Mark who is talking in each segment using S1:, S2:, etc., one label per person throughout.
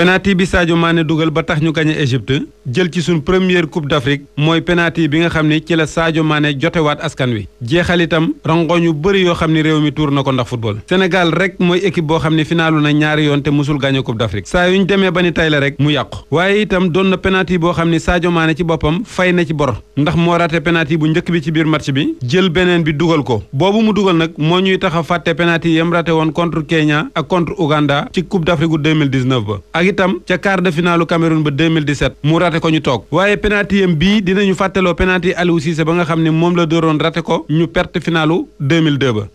S1: penalty bi Sadio maane dugal ba tax ñu gañe Égypte jël ci suñ première coupe d'Afrique mooy penalty bi nga xam ni ci la Sadio Mané jotewaat askan wi jeexal itam rangoñ yu bëri yoo xam ni réew mi tuur na ko ndax football Sénégal rek mooy équipe boo xam ni finaalu na ñaari yoon te musul gañe coupe d'Afrique saa yu ñu demee ba ni tay la rek mu yàqu waaye itam doon na penalty boo xam ni Sadio maane ci boppam fay na ci bor ndax moo raté penalty bu njëkk bi ci biir match bi jël beneen bi dugal ko boobu mu dugal nag moo ñuy tax a fàtte penalty yam raté woon contre Kenya ak contre Ouganda ci coupe d'Afrique 2019 ba itam ca quart de finalu Cameroun ba 2017 mu rate ko ñu toog waaye penaltiyam bii dinañu fàttaloo penalti Aliou Cissé ba nga xam ne moom la dooroon rate ko ñu perte finalu ba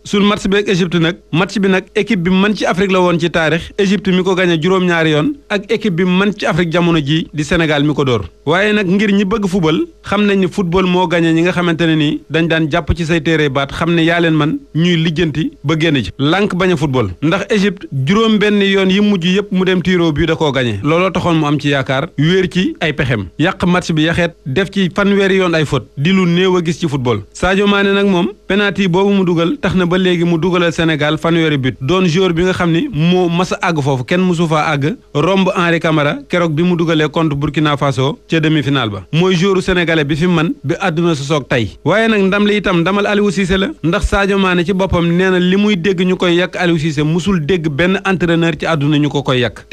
S1: suñu match bi ak Égypte nag match bi nag équipe bi mën ci Afrique la woon ci taarix Égypte mi ko gagné juróom-ñaari yoon ak équipe bi mën ci Afrique jamono ji di Sénégal mi ko dóor waaye nag ngir ñi bëgg football xam nañ ni moo gagné ñi nga xamante ne ni daan jàpp ci say téere baat xam ne ba génn a football ndax Égypte juróom benn koo gañe looloo taxoon mu am ci yaakaar wéer ci ay pexem yàq match bi yaxeet def ci fanweeri yoon ay fot di lu néew a gis ci football Sadio Mané nag moom penalty boobu mu dugal tax na ba léegi mu dugalal Sénégal fanweeri but doon joueur bi nga xam ni moo masa àgg foofu kenn mësu faa àgg romb Henri Camara keroog bi mu dugalee contre Burkina Faso ca demi-finale ba mooy joueuru sénégalais bi fi man bi àdduna sosoog tey waaye nag ndam li itam ndamal Aliou Cissé la ndax Sadio Mané ci boppam nee na li muy dégg ñu koy yàq Aliou Cissé musul dégg benn entraîneur ci àdduna ñu ko koy yàq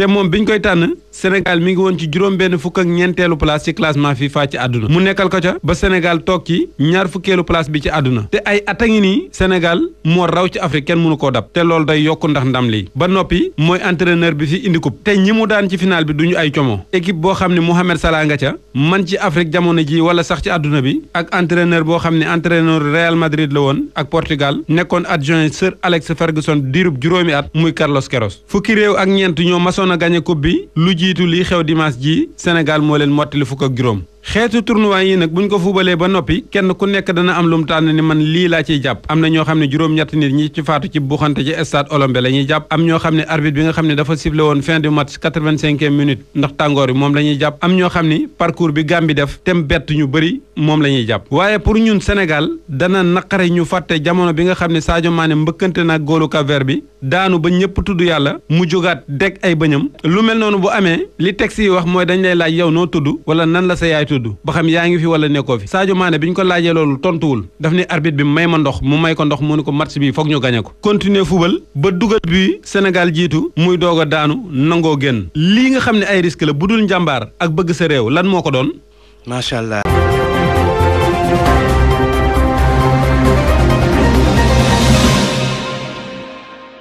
S1: tànn Sénégal mi ngi woon ci juróom-benn fukk ak ñeenteelu place ci classement FIFA ci àdduna mu nekkal ko ca ba Sénégal toog ci ñaar fukkeelu place bi ci àdduna te ay at a ngi nii Sénégal moo raw ci Afrique kenn mënu koo dab te loolu day yokk ndax ndam lii ba noppi mooy entraîneur bi fi indi coupe te ñi mu daan ci final bi duñu ay como équipe boo xam ne Mohamed Salah nga ca man ci Afrique jamono ji wala sax ci àdduna bi ak entraîneur boo xam ne entraîneur Real Madrid la woon ak Portugal nekkoon adjoint Sir Alex Ferguson diirub juróomi at muy Carlos Queiroz fukki réew ak ñeent ñoo masoon a gagné coupe bi lu jiitu lii xew dimanche ji Sénégal moo leen mottali fukk ak juróom xeetu turnuwaay yi nag buñ ko fubalee ba noppi kenn ku nekk dana am lu mu tànn ni man lii laa ciy jàpp am na ñoo xam ne juróom-ñett nit ñi ci faatu ci buxante ci stade olombe la ñuy jàpp am ñoo xam ne arbitre bi nga xam ne dafa sifflé woon fin du match quatre-vingt-cinquième minute ndax tàngoor bi moom la jàpp am ñoo xam ni parcours bi Gambie def tem bett ñu bari moom la ñuy jàpp waaye pour ñun Sénégal dana naqare ñu fàtte jamono bi nga xam ne Sadio Mané mbëkkante na góolu Cap-Vert bi ba ñëpp tudd yàlla mu jógaat deg ay bëñam lu mel noonu bu amee li texte yi wax mooy dañ lay laaj yow noo tudd wala nan la sa yaay tudd ba xam yaa ngi fi wala nekkoo fi Sadio Mané bi ñu ko laajee loolu tontuwul daf ne arbitre bi may ma ndox mu may ko ndox mu ne ko match bi foog ñu gañe ko continuer ba dugal bi Sénégal jiitu muy doog daanu nangoo génn lii nga xam ne ay risque la bu dul njàmbaar ak bëgg sa réew lan moo ko doon macha allah